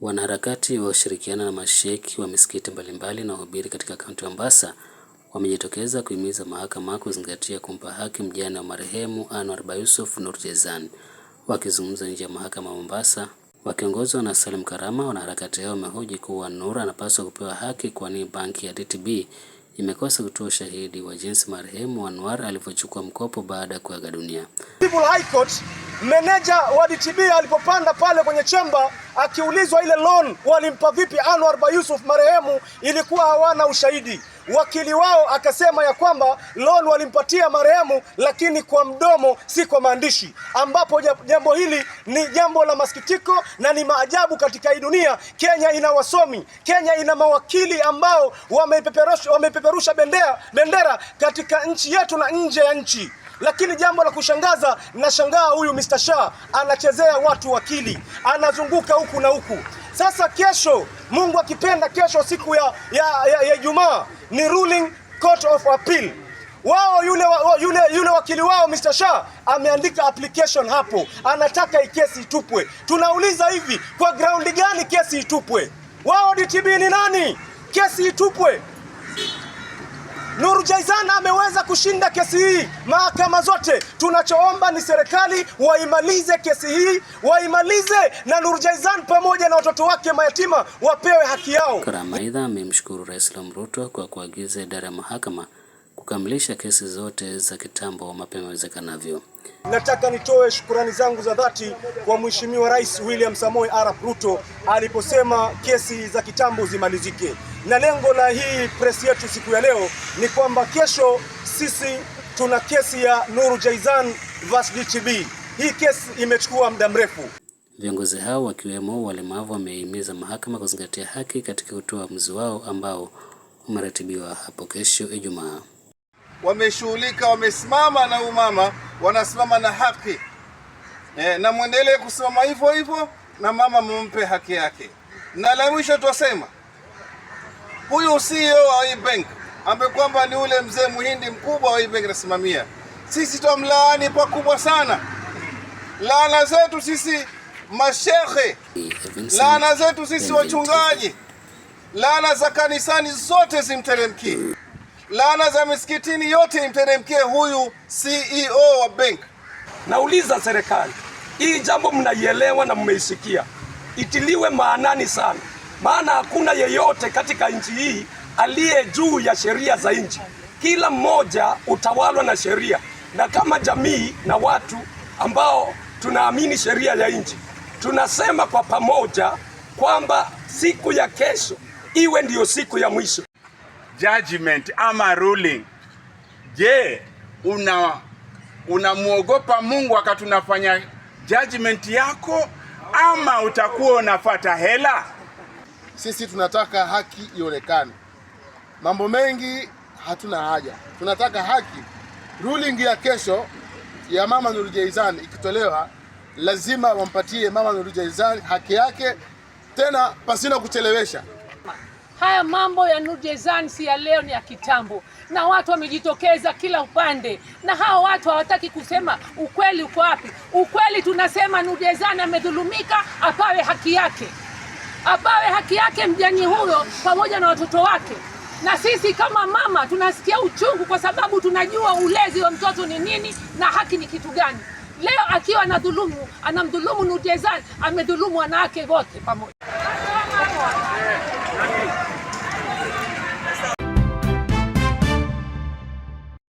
Wanaharakati wa ushirikiano na masheki wa misikiti mbalimbali na wahubiri katika kaunti ya Mombasa wamejitokeza kuhimiza mahakama kuzingatia kumpa haki mjane wa marehemu Anwar Bayusuf Nur Jezan. Wakizungumza nje ya mahakama Mombasa, wakiongozwa na Salim Karama, wanaharakati hao wamehoji kuwa Nur anapaswa kupewa haki kwani banki ya DTB imekosa kutoa ushahidi wa jinsi marehemu Anwar alivyochukua mkopo baada ya kuaga dunia. High Court, meneja wa DTB alipopanda pale kwenye chemba akiulizwa ile loan walimpa vipi Anwar Bayusuf marehemu, ilikuwa hawana ushahidi. Wakili wao akasema ya kwamba loan walimpatia marehemu, lakini kwa mdomo, si kwa maandishi, ambapo jambo hili ni jambo la masikitiko na ni maajabu katika hii dunia. Kenya ina wasomi, Kenya ina mawakili ambao wameipeperusha wamepeperusha bendera, bendera katika nchi yetu na nje ya nchi lakini jambo la kushangaza, nashangaa huyu Mr. Shah anachezea watu wakili, anazunguka huku na huku. Sasa kesho, Mungu akipenda, kesho siku ya ya Ijumaa ya ni ruling court of appeal. Wao yule, wa, yule, yule wakili wao Mr. Shah ameandika application hapo, anataka hii kesi itupwe. Tunauliza hivi, kwa ground gani kesi itupwe? Wao DTB ni nani? Kesi itupwe. Nuru Jaizana ameweza kushinda kesi hii mahakama zote. Tunachoomba ni serikali waimalize kesi hii, waimalize na Nuru Jaizana pamoja na watoto wake mayatima wapewe haki yao. Karama aidha amemshukuru Rais William Ruto kwa kuagiza idara ya mahakama kukamilisha kesi zote za kitambo mapema iwezekanavyo. Nataka nitoe shukurani zangu za dhati kwa Mheshimiwa Rais William Samoei Arap Ruto aliposema kesi za kitambo zimalizike na lengo la hii press yetu siku ya leo ni kwamba kesho sisi tuna kesi ya Nuru Jaizan vs DCB. Hii kesi imechukua muda mrefu. Viongozi hao wakiwemo walemavu wamehimiza mahakama kuzingatia haki katika kutoa uamuzi wao ambao umeratibiwa hapo kesho Ijumaa. Wameshughulika, wamesimama na umama, wanasimama na haki e, na mwendelee kusimama hivyo hivyo, na mama mumpe haki yake. Na la mwisho twasema Huyu CEO wa hii bank ambaye kwamba ni ule mzee muhindi mkubwa wa hii bank anasimamia, sisi twamlaani pakubwa sana. Laana zetu sisi mashehe, laana zetu sisi wachungaji, laana za kanisani zote zimteremkie, laana za misikitini yote imteremkie huyu CEO wa bank. Nauliza serikali, hii jambo mnaielewa na mmeisikia, itiliwe maanani sana maana hakuna yeyote katika nchi hii aliye juu ya sheria za nchi. Kila mmoja utawalwa na sheria, na kama jamii na watu ambao tunaamini sheria ya nchi, tunasema kwa pamoja kwamba siku ya kesho iwe ndiyo siku ya mwisho. Judgment ama ruling. Je, una unamwogopa Mungu wakati unafanya judgment yako ama utakuwa unafata hela? Sisi tunataka haki ionekane. Mambo mengi hatuna haja, tunataka haki. Ruling ya kesho ya mama Nuru ikitolewa, lazima wampatie mama Nuru haki yake, tena pasina kuchelewesha. Haya mambo ya Nuru si ya leo, ni ya kitambo, na watu wamejitokeza kila upande, na hao watu hawataki kusema ukweli uko wapi. Ukweli tunasema Nuru amedhulumika, apawe haki yake apawe haki yake mjane huyo pamoja na watoto wake. Na sisi kama mama tunasikia uchungu, kwa sababu tunajua ulezi wa mtoto ni nini na haki ni kitu gani. Leo akiwa anadhulumu, anamdhulumu Nurjezan, amedhulumu wanawake wote pamoja